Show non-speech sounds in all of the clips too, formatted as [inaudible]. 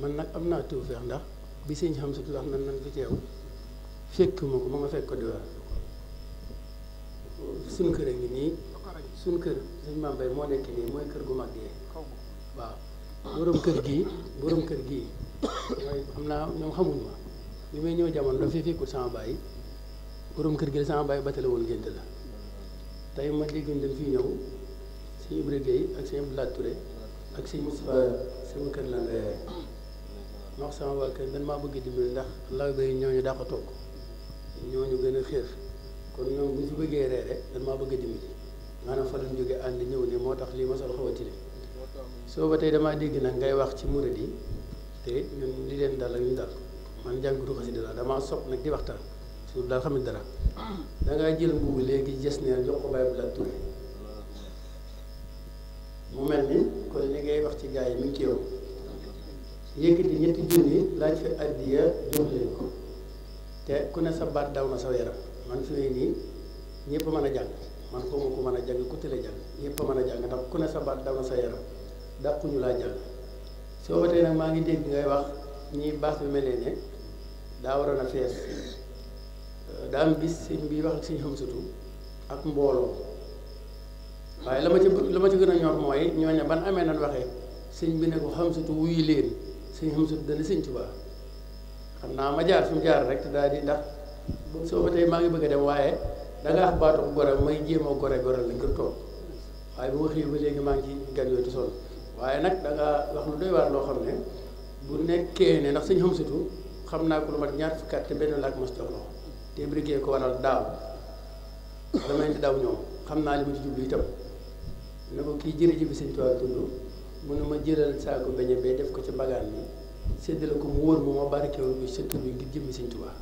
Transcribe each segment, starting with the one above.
man nag am naa tawfeex ndax bi sëñ xam si wax man man fi teew fekk ma ko ma nga fekk ko diwaan suñ kër a ngi nii suñ kër suñ maam bay moo nekk nii mooy kër gu mag gi waaw borom kër gi boroom kër gii mooy naa ñoom xamuñ ma may ñëw jamono dafa fi fekkul sama kër gi la sama baay batale woon gént la tey ma dégg dañ fi ñëw sëñ Ibrahima Gueye ak sëñ Abdoulaye ak sëñ Moustapha kër la nga ma wax sama waa kër man maa bëgg dimbali ndax lawbe yi ñooñu daa ko togg ñooñu gën a xiir kon ñoom bu ñu bëggee reere man maa bëgg dimbali maanaam fa lañ jógee ànd ñëw nii moo tax lii ma sol xaw a tilim soo ba tey dégg nag ngay wax ci murid yi te ñun li leen dal ak ñu dal man jàngatu xasida la damaa sopp nag di waxtaan suur daal xamit dara dangaa jël mbubu léegi gis ne jox ko bàyyi bu la ture mu mel ni kon li ngay wax ci gaa yi mi ngi ci yow yëkkati ñetti junni laaj fi addiya jox leen ko te ku ne sa baat daw na sa yaram man fi ne nii ñëpp mën a jàng man ko ma ko mën a jàng ku tële jàng ñëpp mën a jàng ndax ku ne sa baat daw sa yaram laa jàng soo maa ngi dégg ngay wax ñii baas bi mel daa waroon a fees daa am bis sëñ bi wax ak sëñ xam sutu ak mbooloo waaye la ma ci la ma ci gën a ñor mooy ñooña ban amee nan waxee sëñ bi ne ko xam sutu wuyu leen suñ xam sut dana sëñ Tuubaa xam naa ma jaar fi jaar rek te daal di ndax soo ba tey maa ngi bëgg a dem waaye da ngaa xam baatu gore may jéem a gore gore la ngir toog waaye bu ma xëyee ba léegi maa ngi ci gan yooyu di sonn waaye nag da wax lu doy waar loo xam ne bu nekkee ne ndax suñ xam sutu xam naa ko lu mat ñaar fukki at te benn laak mos jox loxo te brigé ko waral daaw dama leen di daw ñoom xam naa li ma ci jublu itam ne ko kii jërëjëf bi sëñ mu ne ma jëlal saako beñe bee def ko ci bagaan bi séddale ko mu wóor ma ma barkeewul bi sa tur bi ngir jëmmi sëñ Tuubaa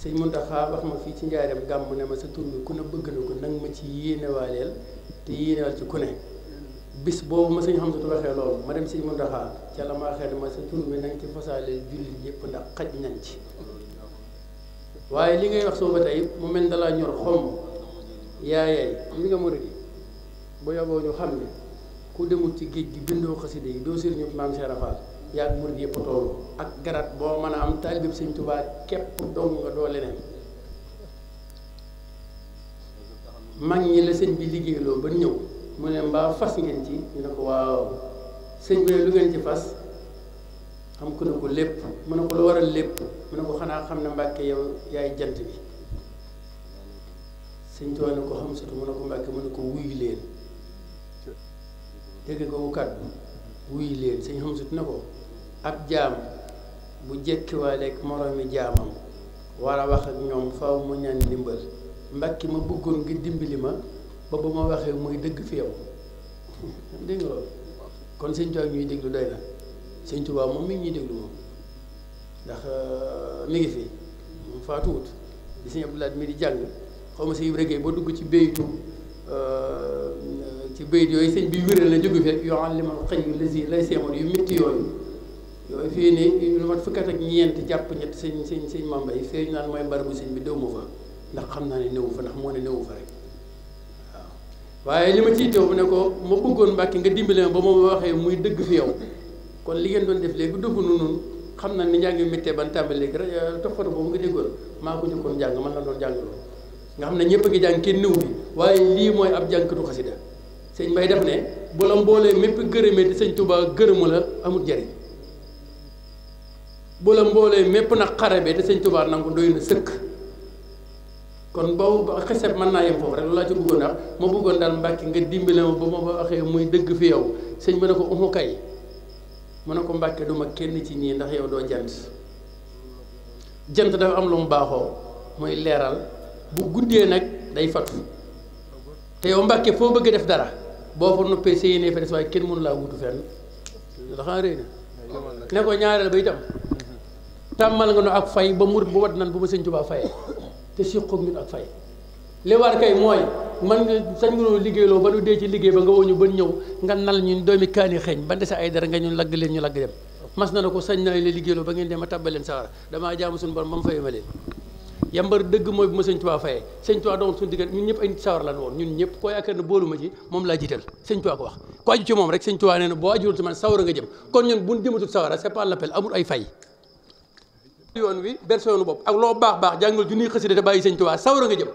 sëñ Muntaxa wax ma fii ci njaareem gàmm ne ma sa tur bi ku ne bëgg na ko nang ma ci yéenewaaleel te yéenewal ci ku bis boobu ma sëñ Xamsatu waxee loolu ma dem sëñ Muntaxa ca la ma xel ma sa tur bi nang ci fasaaleel jullit yëpp ndax xaj nañ ci waaye li ngay wax soo ba tey mu mel ne dalaa ñor xomm yaayay li nga murid yi bu yoboo ñu xam ne ku demul ci géej gi bindoo xasida yi doo sëriñu maam Cheikh Rafal yaa ngi murid yëpp ak garat boo mën a am taalibeb sëñ Tuubaa képp dong nga doo leneen mag la sëñ bi liggéeyloo ba ñëw mu ne fas ngeen ci ñu ne ko waaw sëñ bi ne xam ku ne ko lépp mu ne ko lu waral lépp mu ko xanaa xam ne mbàkke yow yaay jant bi sëñ ne ko xam sutu mu ne ko mbàkke mu ne ko wuyu leen dégg googu kàddu wuy leen sëñ xamsut ne ko ab jaam bu jekkiwaaleeg moroomi jaamam war a wax ak ñoom faw mu ñaan ndimbal mbakki ma bëggoon nga dimbali ma ba ba ma waxee muy dëgg fi yow [laughs] dégg nga loolu kon sëñ Tuubaa ñuy déglu doy na sëñ Tuubaa moom mi ngi ñuy déglu moom ndax euh, mi ngi fi moom faatuwut di sëñ Abdou Lahad mi di jàng xaw ma si yib ba dugg ci béytu euh, ci bayit yooyu sëñ bi wéral la jógu fekk yoo xam li man xëy lasi lay seemoon yu métti yooyu yooyu fii ne lu ñeent jàpp sëñ sëñ sëñ mambay feeñ naan mooy mbar bu bi déw ma fa ndax xam naa ne néwu fa ndax moo ne néwu waaye li ma ciy teew ne ko ma bëggoon nga dimbale ba waxee muy dëgg fi yow kon li ngeen doon def léegi dugg nu xam na ni njàng méttee ban tàmbali léegi rek toppatoo boobu ko jëkkoon jàng man la doon jàng nga xam ne ñëpp a ngi jàng kenn néwu bi waaye lii mooy ab jàngkatu xasida sëñ bay def ne bu la mboolee mépp gërëmee di sëñ Tuubaa gërëmu la amul njariñ bu la mboolee mépp na xarabee te sëñ tubaa nangu doy na sëkk kon boobu xiseb mën naa yem foofu rek loolu laa ci bëggoon ndax ma bëggoon daal mbàkki nga dimbale ma muy dëgg fi yow sëñ bi ne ko umu mu ne ko mbàkke du ma kenn ci ñii ndax yow doo jant jant dafa am lu mu baaxoo muy leeral bu guddee nag day fatu te yow mbàkke foo bëgg def dara boo ko noppee sa yéenee fa des waaye kenn mënu laa wutu fenn daxaa réer ne ko ñaareel ba itam tàmmal nga nu ak fay ba murit bu wat nan bu ma sëñ Tuubaa fayee te si xoog ñun ak fay li war kay mooy man nga sañ nga noo liggéeyloo ba nu dee ci liggéey ba nga woñu ba ñëw nga nal ñun doomi kaani xeeñ ba dese ay dara nga ñun lagg leen ñu lagg dem mas na ne ko sañ na naa la liggéeyloo ba ngeen dem a leen sawara damaa jaamu suñu borom ba mu fayee yambar dëgg mooy bu ma sëñ Tuubaa fayee sëñ Tuubaa doon suñu diggante ñun ñëpp ay nit sawar lan woon ñun ñëpp koo yaakaar ne booluma ci moom laa jiital sëñ Tuubaa ko wax ko aju ci moom rek sëñ Tuubaa nee na boo ajuwul ci man sawara nga jëm ay fay yoon wi berse yoonu ak loo baax baax jàngal junniy xasida te bàyyi sëñ Tuubaa sawara nga jëm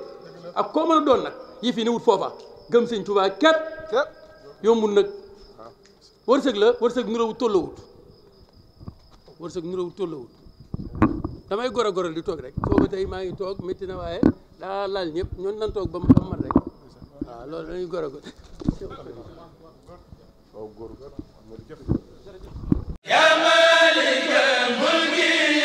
ak koo mën a doon nag yi fi newut foofa gëm sëñ Tuubaa képp yombul nag wërsëg la wërsëg nurawut tollawut wërsëg nurawut tollawut samay goro goro di toog rek sooba tey maa ngi toog métti na waaye daa laal ñëpp ñun nan toog ba mu mat rek waaw loolu dañuy goro goro يا مالك الملك